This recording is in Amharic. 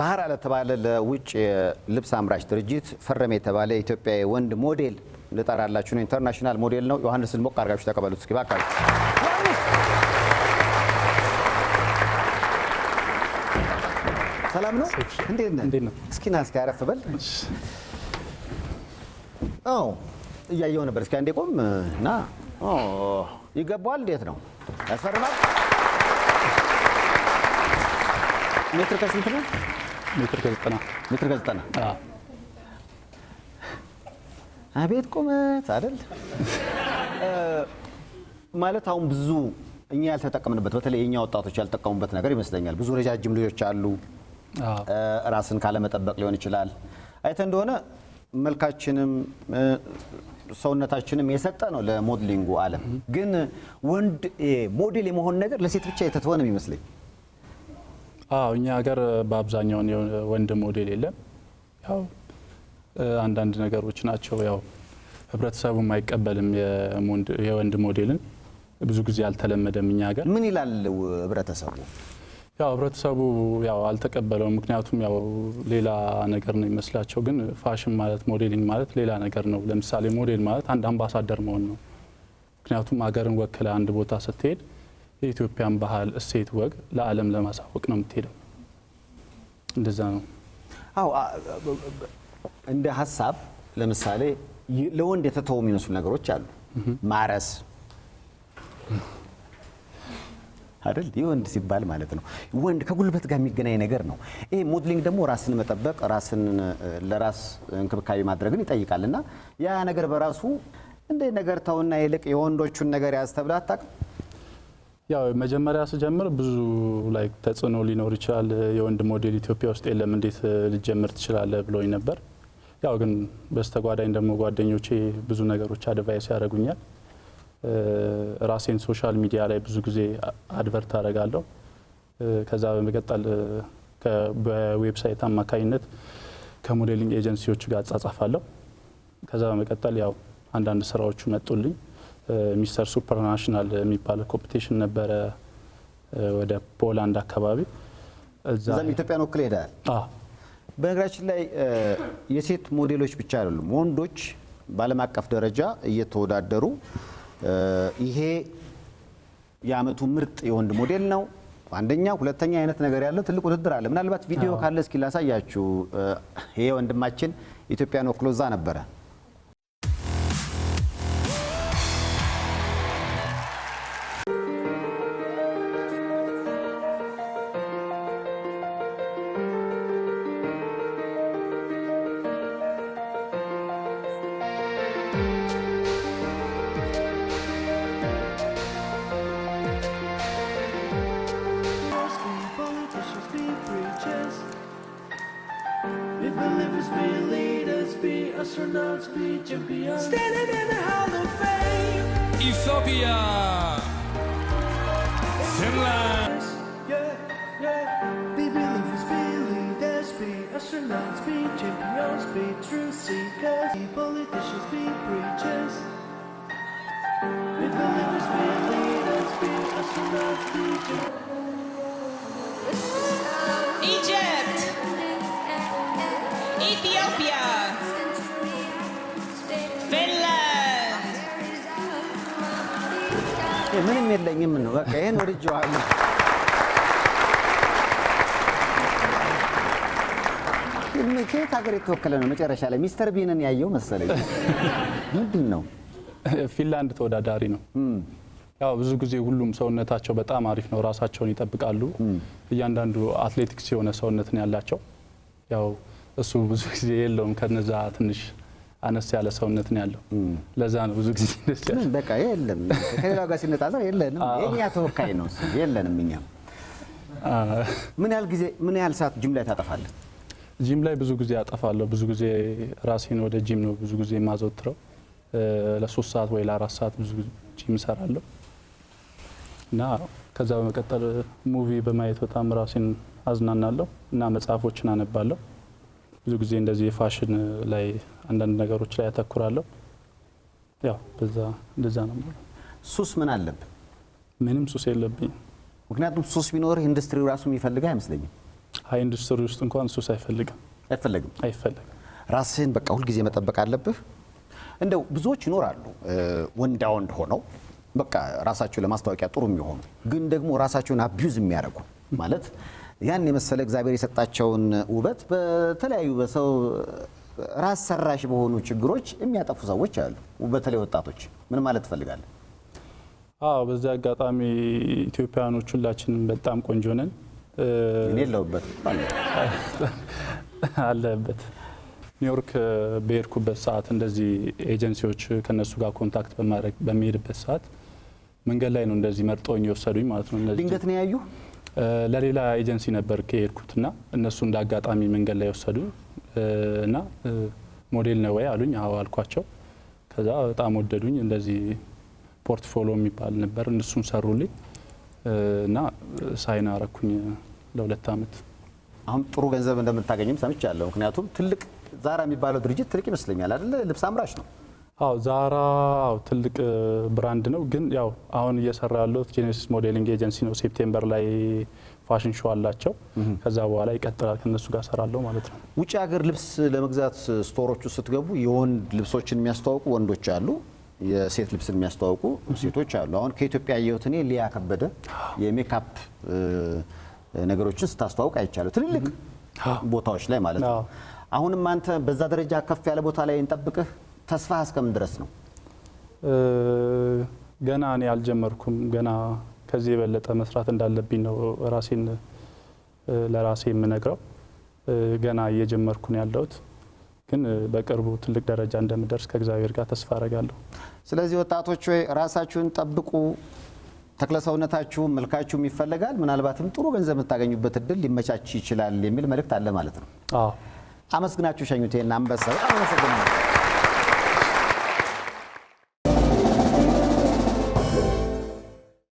ቫህራ ለተባለ ለውጭ ልብስ አምራች ድርጅት ፈረም የተባለ የኢትዮጵያ ወንድ ሞዴል ልጠራላችሁ ነው። ኢንተርናሽናል ሞዴል ነው። ዮሐንስን ሞቅ አድርጋችሁ ተቀበሉት እስኪ ባካችሁ። ሰላም ነው? እንዴት ነህ? እስኪ ና እስኪ አረፍ በል። አዎ ነበር። እስኪ አንዴ ቆም ና። ይገባዋል። እንዴት ነው ያስፈርማል? ሜትር ከስንት ነው? ሜትር ከዘጠና ሜትር ከዘጠና አቤት ቁመት አይደል? ማለት አሁን ብዙ እኛ ያልተጠቀምንበት በተለይ የኛ ወጣቶች ያልጠቀሙበት ነገር ይመስለኛል። ብዙ ረጃጅም ልጆች አሉ። ራስን ካለመጠበቅ ሊሆን ይችላል። አይተ እንደሆነ መልካችንም ሰውነታችንም የሰጠ ነው ለሞድሊንጉ ዓለም። ግን ወንድ ሞዴል የመሆን ነገር ለሴት ብቻ የተተወ ይመስለኝ አዎ እኛ ሀገር በአብዛኛውን ወንድ ሞዴል የለም። ያው አንዳንድ ነገሮች ናቸው። ያው ህብረተሰቡም አይቀበልም የወንድ ሞዴልን ብዙ ጊዜ አልተለመደም። እኛ ሀገር ምን ይላል ህብረተሰቡ? ያው ህብረተሰቡ ያው አልተቀበለውም። ምክንያቱም ያው ሌላ ነገር ነው ይመስላቸው። ግን ፋሽን ማለት ሞዴሊንግ ማለት ሌላ ነገር ነው። ለምሳሌ ሞዴል ማለት አንድ አምባሳደር መሆን ነው። ምክንያቱም ሀገርን ወክለ አንድ ቦታ ስትሄድ የኢትዮጵያን ባህል እሴት፣ ወግ ለዓለም ለማሳወቅ ነው የምትሄደው። እንደዛ ነው። አዎ እንደ ሀሳብ ለምሳሌ ለወንድ የተተው የሚመስሉ ነገሮች አሉ። ማረስ አይደል? የወንድ ሲባል ማለት ነው። ወንድ ከጉልበት ጋር የሚገናኝ ነገር ነው። ይሄ ሞድሊንግ ደግሞ ራስን መጠበቅ፣ ራስን ለራስ እንክብካቤ ማድረግን ይጠይቃል እና ያ ነገር በራሱ እንደ ነገር ተውና ይልቅ የወንዶቹን ነገር ያዝ ተብለህ አታውቅም ያው መጀመሪያ ስጀምር ብዙ ላይ ተጽዕኖ ሊኖር ይችላል። የወንድ ሞዴል ኢትዮጵያ ውስጥ የለም እንዴት ልጀምር ትችላለህ ብሎኝ ነበር። ያው ግን በስተጓዳኝ ደግሞ ጓደኞቼ ብዙ ነገሮች አድቫይስ ያደርጉኛል። ራሴን ሶሻል ሚዲያ ላይ ብዙ ጊዜ አድቨርት አደርጋለሁ። ከዛ በመቀጠል በዌብሳይት አማካኝነት ከሞዴሊንግ ኤጀንሲዎች ጋር አጻጻፋለሁ። ከዛ በመቀጠል ያው አንዳንድ ስራዎቹ መጡልኝ። ሚስተር ሱፐርናሽናል የሚባል ኮምፒቴሽን ነበረ ወደ ፖላንድ አካባቢ እዛም ኢትዮጵያን ወክል ሄዳል። በነገራችን ላይ የሴት ሞዴሎች ብቻ አይደሉም፣ ወንዶች በዓለም አቀፍ ደረጃ እየተወዳደሩ ይሄ የአመቱ ምርጥ የወንድ ሞዴል ነው አንደኛ፣ ሁለተኛ አይነት ነገር ያለው ትልቅ ውድድር አለ። ምናልባት ቪዲዮ ካለ እስኪ ላሳያችሁ። ይሄ ወንድማችን ኢትዮጵያን ወክሎ እዛ ነበረ። Standing in the Hall of Fame. Ethiopia. Finland. Yeah, yeah. Be believers, believers, be astronauts, be champions, be truth seekers, be politicians, be preachers. Be believers, be be astronauts, be champions. Egypt. Ethiopia. ምንም የለኝም ነው በቃ ይሄን ወድጄዋለሁ። ከየት ሀገር የተወከለ ነው? መጨረሻ ላይ ሚስተር ቢንን ያየው መሰለኝ። ምንድን ነው ፊንላንድ ተወዳዳሪ ነው። ያው ብዙ ጊዜ ሁሉም ሰውነታቸው በጣም አሪፍ ነው፣ ራሳቸውን ይጠብቃሉ። እያንዳንዱ አትሌቲክስ የሆነ ሰውነትን ያላቸው ያው እሱ ብዙ ጊዜ የለውም ከነዛ ትንሽ አነስ ያለ ሰውነት ነው ያለው። ለዛ ነው ብዙ ጊዜ ደስ ያለው። በቃ የለም ከሌላ ጋር ሲነጻጸር የለንም። የኛ ተወካይ ነው የለንም። እኛ ምን ያህል ጊዜ ምን ያህል ሰዓት ጂም ላይ ታጠፋለህ? ጂም ላይ ብዙ ጊዜ አጠፋለሁ። ብዙ ጊዜ ራሴን ወደ ጂም ነው ብዙ ጊዜ የማዘወትረው። ለሶስት ሰዓት ወይ ለአራት ሰዓት ብዙ ጂም እሰራለሁ እና ከዛ በመቀጠል ሙቪ በማየት በጣም ራሴን አዝናናለሁ እና መጽሐፎችን አነባለሁ። ብዙ ጊዜ እንደዚህ የፋሽን ላይ አንዳንድ ነገሮች ላይ ያተኩራለሁ። ያው በዛ እንደዛ ነው። ሱስ ምን አለብህ? ምንም ሱስ የለብኝም። ምክንያቱም ሱስ ቢኖርህ ኢንዱስትሪው ራሱ የሚፈልገ አይመስለኝም። ሀይ ኢንዱስትሪ ውስጥ እንኳን ሱስ አይፈልግም፣ አይፈልግም፣ አይፈልግም። ራስህን በቃ ሁልጊዜ መጠበቅ አለብህ። እንደው ብዙዎች ይኖራሉ ወንዳ ወንድ ሆነው በቃ ራሳቸው ለማስታወቂያ ጥሩ የሚሆኑ ግን ደግሞ ራሳቸውን አቢዩዝ የሚያደርጉ ማለት ያን የመሰለ እግዚአብሔር የሰጣቸውን ውበት በተለያዩ በሰው ራስ ሰራሽ በሆኑ ችግሮች የሚያጠፉ ሰዎች አሉ፣ በተለይ ወጣቶች። ምን ማለት ትፈልጋለህ? አዎ በዚህ አጋጣሚ ኢትዮጵያኖች ሁላችንም በጣም ቆንጆ ነን። እኔ የለሁበት አለበት። ኒውዮርክ በሄድኩበት ሰዓት እንደዚህ ኤጀንሲዎች ከነሱ ጋር ኮንታክት በማድረግ በሚሄድበት ሰዓት መንገድ ላይ ነው እንደዚህ መርጦኝ የወሰዱኝ ማለት ነው። ድንገት ነው ያዩ ለሌላ ኤጀንሲ ነበር ከሄድኩትና እነሱ እንደ አጋጣሚ መንገድ ላይ ወሰዱ እና ሞዴል ነው ወይ አሉኝ። አዎ አልኳቸው። ከዛ በጣም ወደዱኝ። እንደዚህ ፖርትፎሊዮ የሚባል ነበር እነሱን ሰሩልኝ እና ሳይን አረኩኝ ለሁለት አመት። አሁን ጥሩ ገንዘብ እንደምታገኝም ሰምቻለሁ። ምክንያቱም ትልቅ ዛራ የሚባለው ድርጅት ትልቅ ይመስለኛል አይደለ? ልብስ አምራች ነው አዎ ዛራ ትልቅ ብራንድ ነው። ግን ያው አሁን እየሰራ ያለው ጄኔሲስ ሞዴሊንግ ኤጀንሲ ነው። ሴፕቴምበር ላይ ፋሽን ሾው አላቸው። ከዛ በኋላ ይቀጥላል። ከነሱ ጋር ሰራለሁ ማለት ነው። ውጭ ሀገር ልብስ ለመግዛት ስቶሮቹ ስትገቡ የወንድ ልብሶችን የሚያስተዋውቁ ወንዶች አሉ፣ የሴት ልብስን የሚያስተዋውቁ ሴቶች አሉ። አሁን ከኢትዮጵያ ያየሁት እኔ ሊያ ከበደ የሜካፕ ነገሮችን ስታስተዋውቅ አይቻለሁ፣ ትልልቅ ቦታዎች ላይ ማለት ነው። አሁንም አንተ በዛ ደረጃ ከፍ ያለ ቦታ ላይ እንጠብቅህ ተስፋ እስከምን ድረስ ነው? ገና እኔ አልጀመርኩም። ገና ከዚህ የበለጠ መስራት እንዳለብኝ ነው ራሴን ለራሴ የምነግረው። ገና እየጀመርኩ ነው ያለሁት፣ ግን በቅርቡ ትልቅ ደረጃ እንደምደርስ ከእግዚአብሔር ጋር ተስፋ አረጋለሁ። ስለዚህ ወጣቶች ወይ ራሳችሁን ጠብቁ። ተክለሰውነታችሁ፣ መልካችሁም ይፈለጋል ምናልባትም ጥሩ ገንዘብ የምታገኙበት እድል ሊመቻች ይችላል የሚል መልእክት አለ ማለት ነው። አመስግናችሁ ሸኙቴና አንበሳ በጣም አመሰግናለሁ።